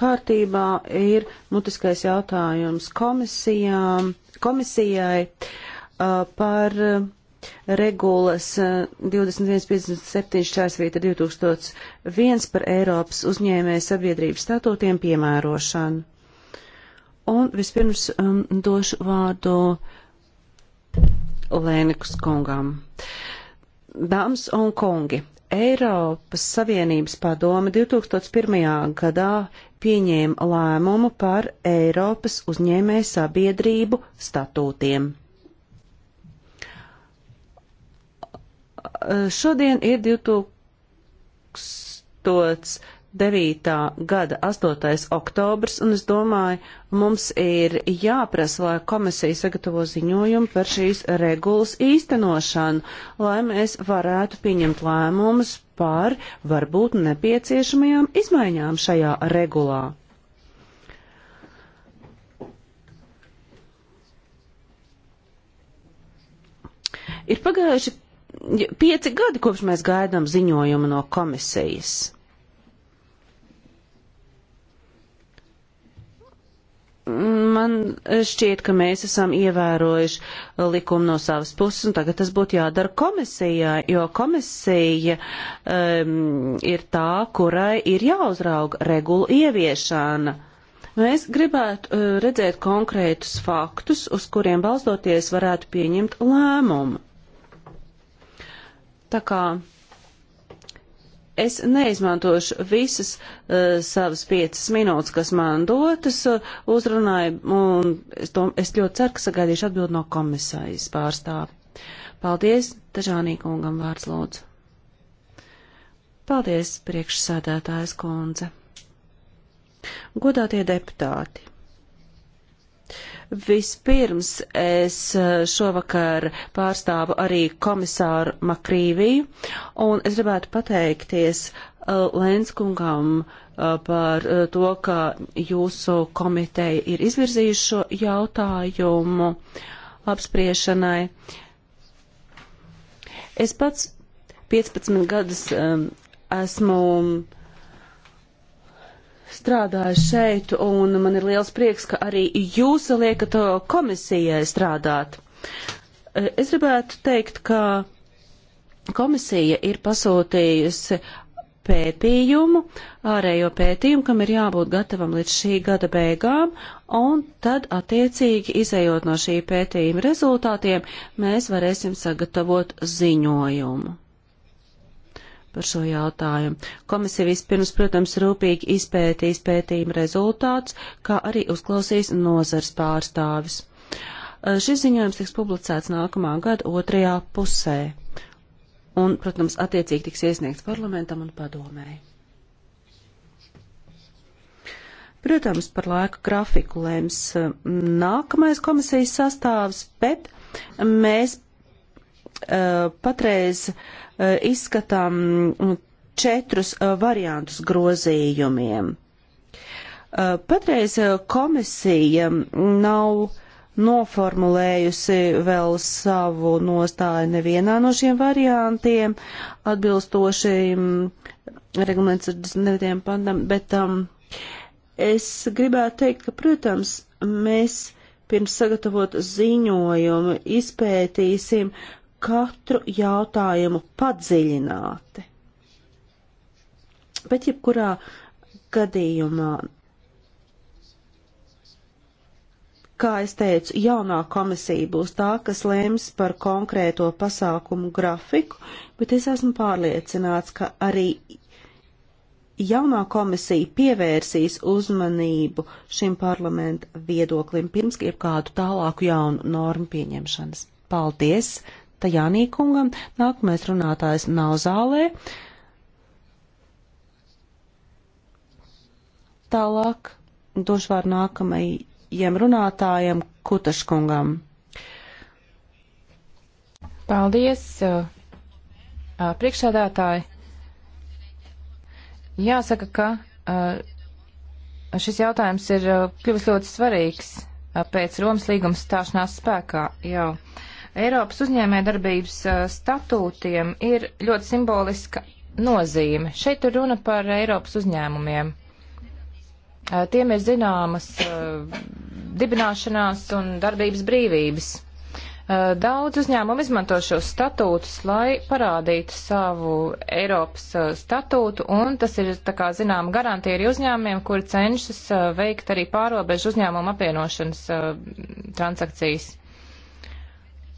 kārtībā ir mutiskais jautājums komisijām, komisijai uh, par uh, regulas 2157 šķērsvieta 2001 par Eiropas uzņēmēja sabiedrības statūtiem piemērošanu. Un vispirms um, došu vārdu Lēnikus kungam. Dāmas un kungi, Eiropas Savienības padome 2001. gadā pieņēma lēmumu par Eiropas uzņēmēju sabiedrību statūtiem. Šodien ir 2000. 2009. gada 8. oktobrs, un es domāju, mums ir jāprasa, lai komisija sagatavo ziņojumu par šīs regulas īstenošanu, lai mēs varētu pieņemt lēmumus par varbūt nepieciešamajām izmaiņām šajā regulā. Ir pagājuši pieci gadi, kopš mēs gaidām ziņojumu no komisijas. Man šķiet, ka mēs esam ievērojuši likumu no savas puses, un tagad tas būtu jādara komisijai, jo komisija um, ir tā, kurai ir jāuzrauga regulu ieviešana. Mēs gribētu uh, redzēt konkrētus faktus, uz kuriem balstoties varētu pieņemt lēmumu. Tā kā es neizmantošu visas uh, savas piecas minūtes, kas man dotas, uh, uzrunāju, un es, to, es ļoti ceru, ka sagaidīšu atbildi no komisājas pārstāvi. Paldies, Tažānī kungam vārds lūdzu. Paldies, priekšsēdētājs kundze. Godātie deputāti! Vispirms es eh, šovakar pārstāvu arī komisāru Makrīviju, un es gribētu pateikties eh, Lēnskungam eh, par to, ka jūsu komiteja ir izvirzījuši šo jautājumu apspriešanai. Es pats 15 gadus esmu strādāju šeit, un man ir liels prieks, ka arī jūs liekat uh, komisijai strādāt. Uh, es gribētu teikt, ka komisija ir pasūtījusi pētījumu, ārējo pētījumu, kam ir jābūt gatavam līdz šī gada beigām, un tad attiecīgi izējot no šī pētījuma rezultātiem, mēs varēsim sagatavot ziņojumu par šo jautājumu. Komisija vispirms, protams, rūpīgi izpētīs pētījuma rezultāts, kā arī uzklausīs nozars pārstāvis. Šis ziņojums tiks publicēts nākamā gada otrajā pusē un, protams, attiecīgi tiks iesniegts parlamentam un padomēji. Protams, par laika grafiku lēms nākamais komisijas sastāvs, bet mēs Eh, patreiz eh, izskatām mm, četrus eh, variantus grozījumiem. Patreiz komisija mm, nav noformulējusi vēl savu nostāju nevienā no šiem variantiem, atbilstoši mm, reglaments 69. pantam, bet um, es gribētu teikt, ka, protams, mēs pirms sagatavot ziņojumu izpētīsim katru jautājumu padziļināti. Bet jebkurā gadījumā, kā es teicu, jaunā komisija būs tā, kas lems par konkrēto pasākumu grafiku, bet es esmu pārliecināts, ka arī jaunā komisija pievērsīs uzmanību šim parlamenta viedoklim pirms jebkādu tālāku jaunu normu pieņemšanas. Paldies! Tajānī kungam. Nākamais runātājs nav zālē. Tālāk došu vārdu nākamajiem runātājiem Kutaškungam. Paldies, priekšsēdētāji. Jāsaka, ka šis jautājums ir kļuvis ļoti svarīgs pēc Romas līguma stāšanās spēkā jau. Eiropas uzņēmējdarbības statūtiem ir ļoti simboliska nozīme. Šeit ir runa par Eiropas uzņēmumiem. Tiem ir zināmas dibināšanās un darbības brīvības. Daudz uzņēmumu izmanto šos statūtus, lai parādītu savu Eiropas statūtu, un tas ir, tā kā zinām, garantija arī uzņēmumiem, kuri cenšas veikt arī pārobežu uzņēmumu apvienošanas transakcijas.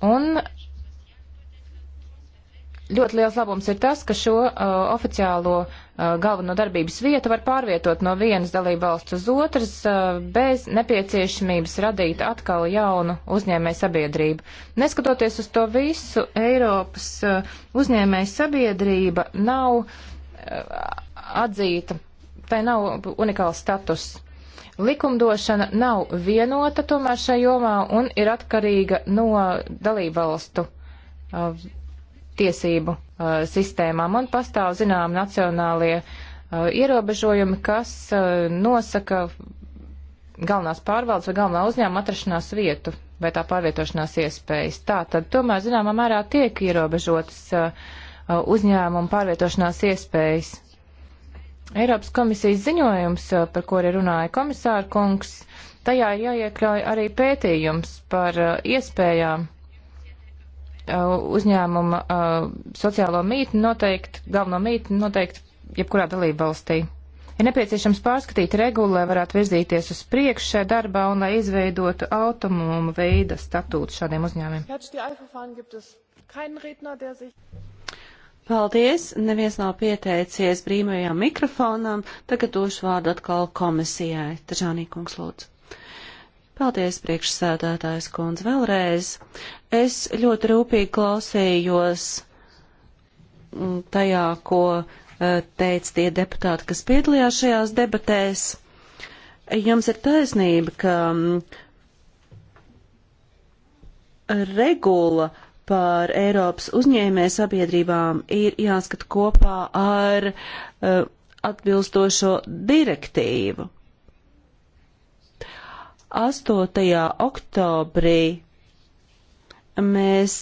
Un ļoti liels labums ir tas, ka šo uh, oficiālo uh, galveno darbības vietu var pārvietot no vienas dalība valsts uz otras uh, bez nepieciešamības radīt atkal jaunu uzņēmēju sabiedrību. Neskatoties uz to visu, Eiropas uh, uzņēmēju sabiedrība nav uh, atzīta, tai nav unikāls status. Likumdošana nav vienota tomēr šajā jomā un ir atkarīga no dalībvalstu uh, tiesību uh, sistēmām un pastāv zinām nacionālie uh, ierobežojumi, kas uh, nosaka galvenās pārvaldes vai galvenā uzņēmuma atrašanās vietu vai tā pārvietošanās iespējas. Tā tad tomēr zināmā mērā tiek ierobežotas uh, uh, uzņēmuma pārvietošanās iespējas Eiropas komisijas ziņojums, eh, par ko arī runāja komisāra kungs, tajā ir jāiekļauj arī pētījums par eh, iespējām eh, uzņēmuma sociālo mītni noteikt, galveno mītni noteikt jebkurā dalība valstī. Ir nepieciešams pārskatīt regulu, lai varētu virzīties uz priekšu šajā darbā un lai izveidotu autonomu veida statūtu šādiem uzņēmumiem. Paldies! Neviens nav pieteicies brīvajām mikrofonam. Tagad došu vārdu atkal komisijai. Tažānī kungs lūdzu. Paldies, priekšsēdētājs kundze, vēlreiz. Es ļoti rūpīgi klausījos mm, tajā, ko e, teica tie deputāti, kas piedalījās šajās debatēs. Jums ir taisnība, ka mm, regula par Eiropas uzņēmē sabiedrībām ir jāskat kopā ar uh, atbilstošo direktīvu. 8. oktobrī mēs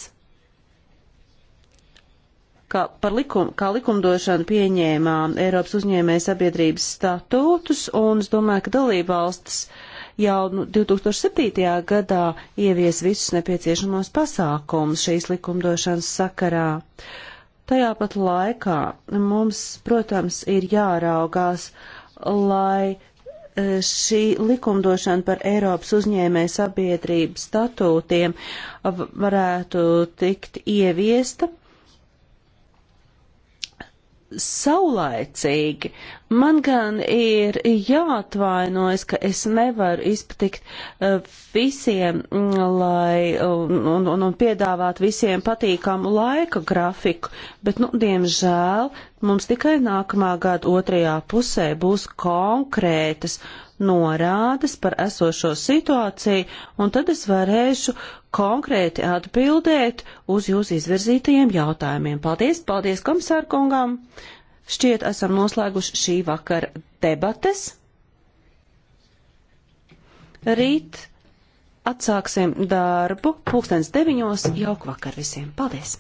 kā, par likum, kā likumdošanu pieņēmām Eiropas uzņēmē sabiedrības statūtus, un es domāju, ka dalībvalstis uh, jau 2007. Nu, gadā ievies visus nepieciešamos pasākumus šīs likumdošanas sakarā. Tajā pat laikā mums, protams, ir jāraugās, lai e, šī likumdošana par Eiropas uzņēmē sabiedrības statūtiem varētu tikt ieviesta saulaicīgi. Man gan ir jāatvainojas, ka es nevaru izpatikt eh, visiem, mm, lai un, un, un piedāvāt visiem patīkamu laika grafiku, bet, nu, diemžēl mums tikai nākamā gada otrajā pusē būs konkrētas norādes par esošo situāciju, un tad es varēšu konkrēti atbildēt uz jūsu izvirzītajiem jautājumiem. Paldies, paldies komisārkungām! Šķiet, esam noslēguši šī vakara debates. Rīt atsāksim darbu pulkstens deviņos. Jauku vakar visiem! Paldies!